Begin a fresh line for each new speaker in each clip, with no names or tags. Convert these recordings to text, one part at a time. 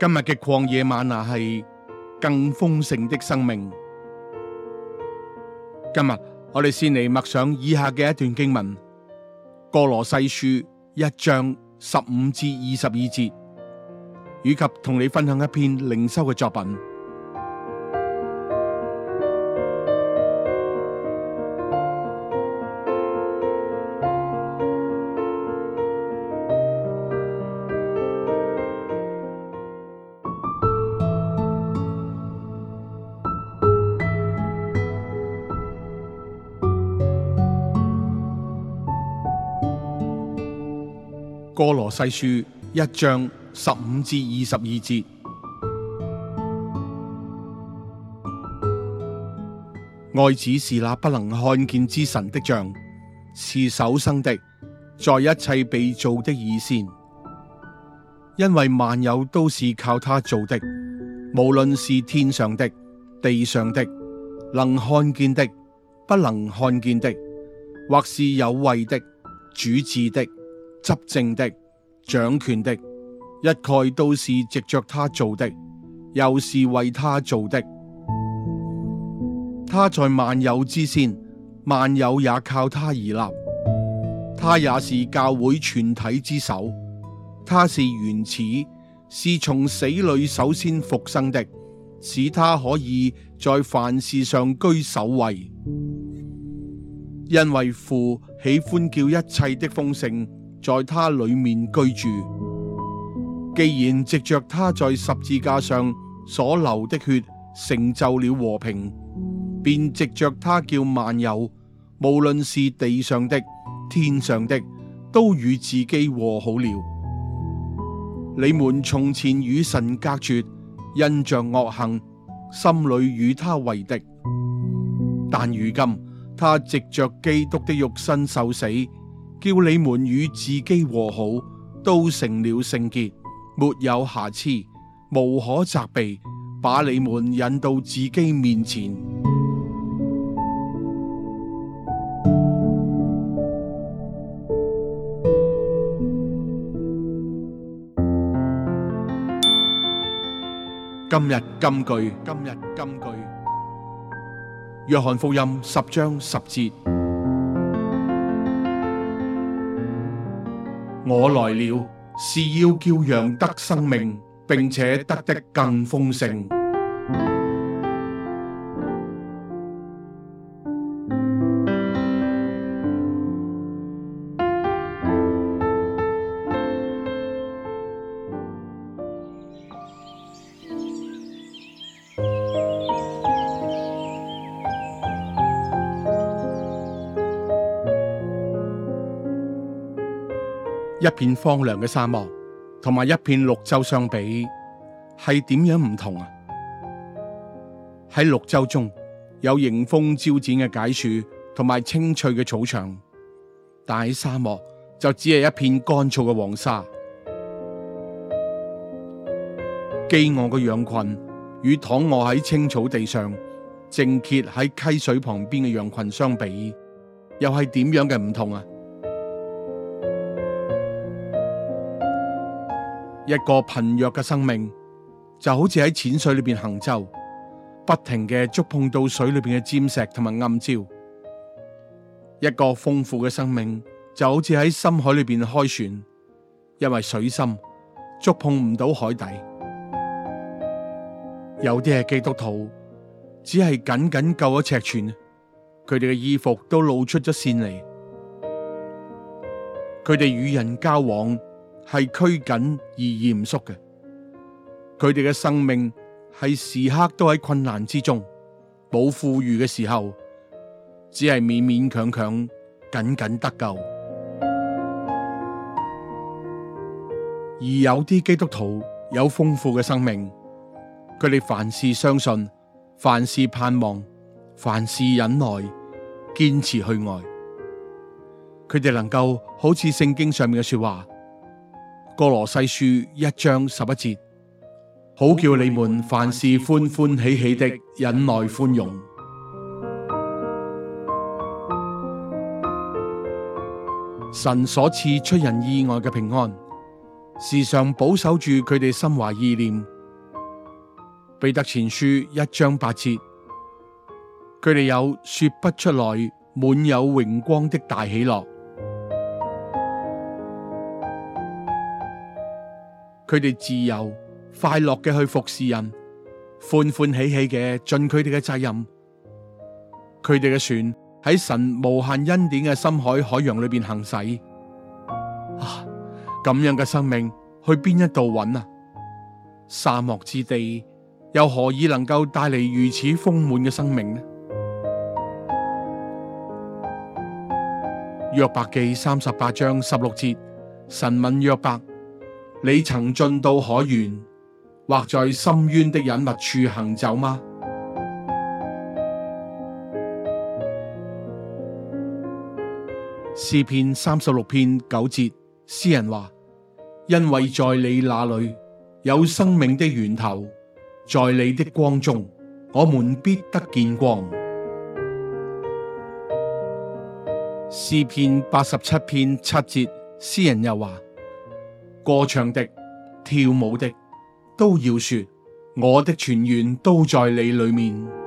今日嘅曠野嗎哪，係更豐盛的生命。今日我哋先嚟默想以下嘅一段經文《歌羅西書》一章十五至二十二節，以及同你分享一篇靈修嘅作品。《歌羅西書》一章十五至二十二節，愛子是那不能看見之神的像，是首生的，在一切被造的以先，因為萬有都是靠他造的，無論是天上的、地上的，能看見的、不能看見的，或是有位的、主治的。執政的、掌權的，一概都是藉着他做的，又是為他做的。他在萬有之先，萬有也靠他而立。他也是教會全體之首。他是原始，是從死裏首先復生的，使他可以在凡事上居首位。因為父喜歡叫一切的豐盛。在他裏面居住。既然藉着他在十字架上所流的血成就了和平，便藉着他叫萬有，無論是地上的、天上的，都與自己和好了。你們從前與神隔絕，因着惡行，心裏與他為敵；但如今他藉着基督的肉身受死，叫你們與自己和好，都成了聖潔，沒有瑕疵，無可責備，把你們引到自己面前。 今日金句，今日金句，約翰福音十章十節。我來了，是要叫羊得生命，並且得的更豐盛。一片荒涼嘅沙漠同埋一片綠洲相比，係點樣唔同啊？喺綠洲中有迎風招展嘅解樹同埋青翠嘅草場，但喺沙漠就只係一片乾燥嘅黃沙。飢餓嘅羊群與躺臥喺青草地上，靜歇喺溪水旁邊嘅羊群相比，又係點樣嘅唔同啊？一個貧弱嘅生命就好似喺淺水裏邊行舟，不停嘅觸碰到水裏邊嘅尖石同埋暗礁；一個豐富嘅生命就好似喺深海裏邊開船，因為水深觸碰唔到海底。有啲係基督徒，只係僅僅夠一尺寸，佢哋嘅衣服都露出咗線嚟，佢哋與人交往。係拘謹而嚴肅嘅，佢哋嘅生命係時刻都喺困難之中。冇富裕嘅時候，只係勉勉強強僅僅得救。而有啲基督徒有豐富嘅生命，佢哋凡事相信，凡事盼望，凡事忍耐，堅持去愛，佢哋能夠好似聖經上面嘅說話。歌羅西書一章十一節，好叫你們凡事歡歡喜喜的忍耐寬容。神所賜出人意外嘅平安，時常保守住佢哋心懷意念。彼得前書一章八節，佢哋有說不出來滿有榮光的大喜樂。佢哋自由快樂嘅去服侍人，歡歡喜喜嘅盡佢哋嘅責任。佢哋嘅船喺神無限恩典嘅深海海洋裏邊行駛啊！咁樣嘅生命去邊一度揾啊？沙漠之地又何以能夠帶嚟如此豐滿嘅生命呢？約伯記三十八章十六節，神問約伯。你曾進到海源，或在深淵的隱密處行走嗎？詩篇三十六篇九節，詩人話：因為在你那裏有生命的源頭，在你的光中，我們必得見光。詩篇八十七篇七節，詩人又話。歌唱的、跳舞的，都要說：我的泉源都在你裏面。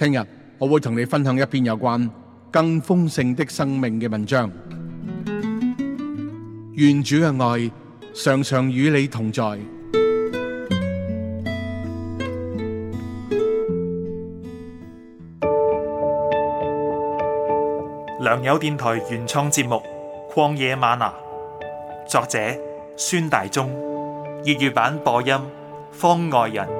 聽日我會同你分享一篇有關更豐盛的生命嘅文章。願主嘅愛常常與你同在。良友電台原創節目《曠野嗎哪》，作者孫大中，粵語版播音方外人。